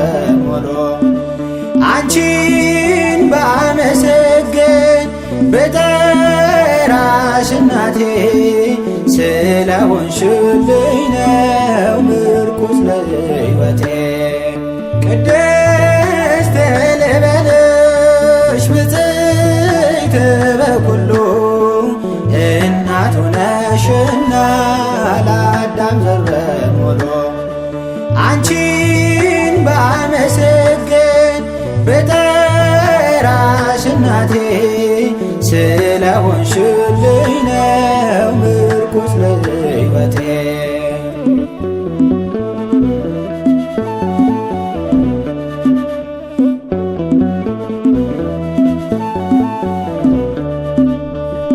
በሞሎ አንቺን ባመሰገን በጠራሽ እናቴ ስለሆንሽልኝ ነው ምርኩዝ ለሕይወቴ ቅድስት ልበልሽ ብፅዕት በኩሉ እናት ሆነሽና ለአዳም ዘር በሙሉ አንቺ ስለሆንሽልኝ ነው ምርኩስ ለሕይወቴ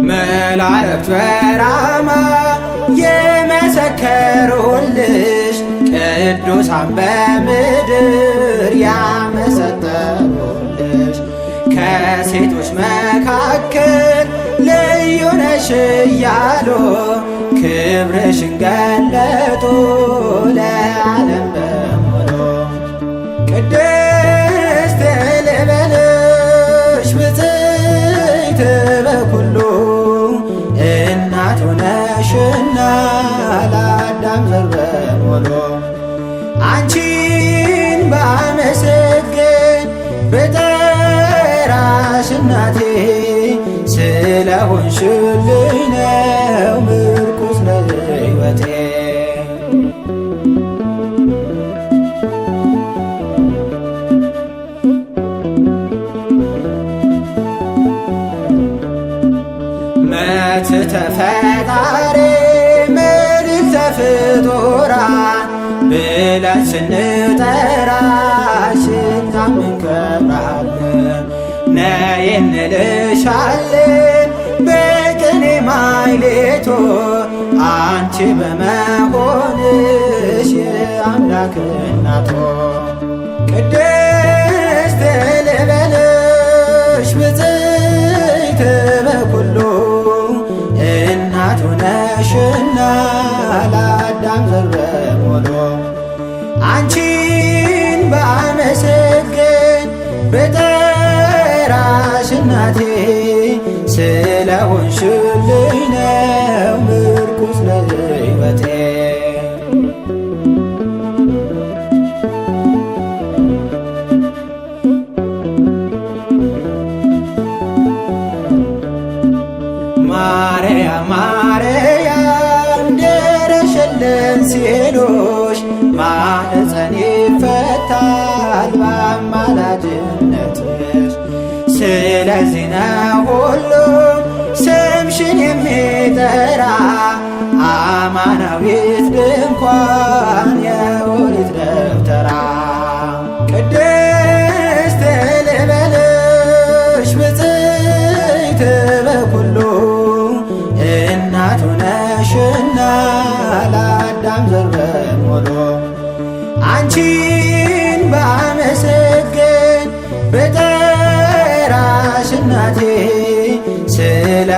መላእክት በራማ የመሰከሩልሽ ቅዱሳን በምድር ያመሰጠሩ በሴቶች መካከል ልዩ ነሽ እያሉ ክብርሽን ገለጡ ለዓለም በሙሉ ቅድስት ልበልሽ ብፅዕት በኩሉ እናቱ ነሽና ለአዳም ዘር በሙሉ አንቺን ባመሰግን እናቴ ስለሆንሽልኝ ነው ምርኩዝ ነው ሕይወቴ መት ተፈጣሪ ምድር ተፍጡራ ብለን ስንጠራሽ ታምን ከብራ ነይ እንልሻለን በቅኔ ማይሌቶ አንቺ በመሆንሽ የአምላክ እናቶ ቅድስት ልበልሽ ብፅዕት በኩሉ እናቱ ነሽና ለአዳም ዘር በሙሉ አንቺን ባመሰግን እናቴ ስለሆንሽልኝ ነው ምርኩዝ ለሕይወቴ ማርያም ማርያም ደረሽልን ሲሉሽ ይፈታል ስለዚህ ነው ሁሉም ስምሽን የሚጠራ አማናዊት ድንኳን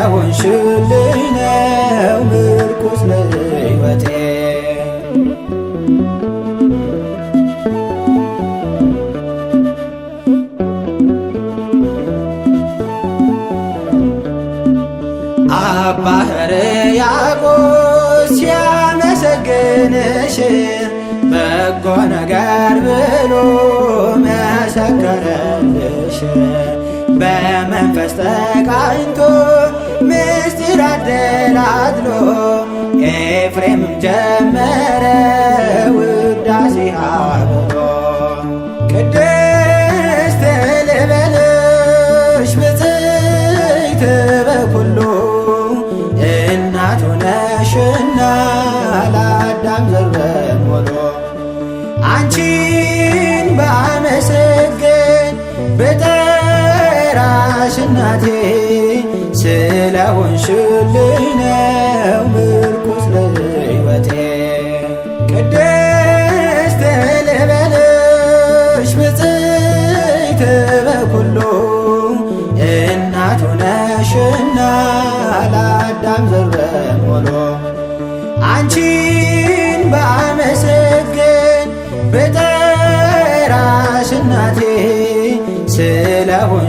የሆንሽልኝ ነው ምርኩዝ ለሕይወቴ አባ ሕርያቆስ ሲያመሰግንሽ በጎ ነገር ብሎ መሰከረልሽ በመንፈስ ተቃኝቶ ተደላድሎ ኤፍሬም ጀመረ ውዳሴ አብቦ ቅድስት ልበልሽ ብፅዕት በኩሉ እናቱ ነሽና ለአዳም ዘር በሙሉ አንቺን ባመሰግን ብጠራሽ እናቴ ስለሆንሽልኝ ነው ምርኩዝ ለሕይወቴ። ቅድስት ልበልሽ ብፅዕት በኩሉ እናቱ ነሽና ለአዳም ዘር በሙሉ አንቺን ባመሰግን ብጠራሽ እናቴ ስለሆን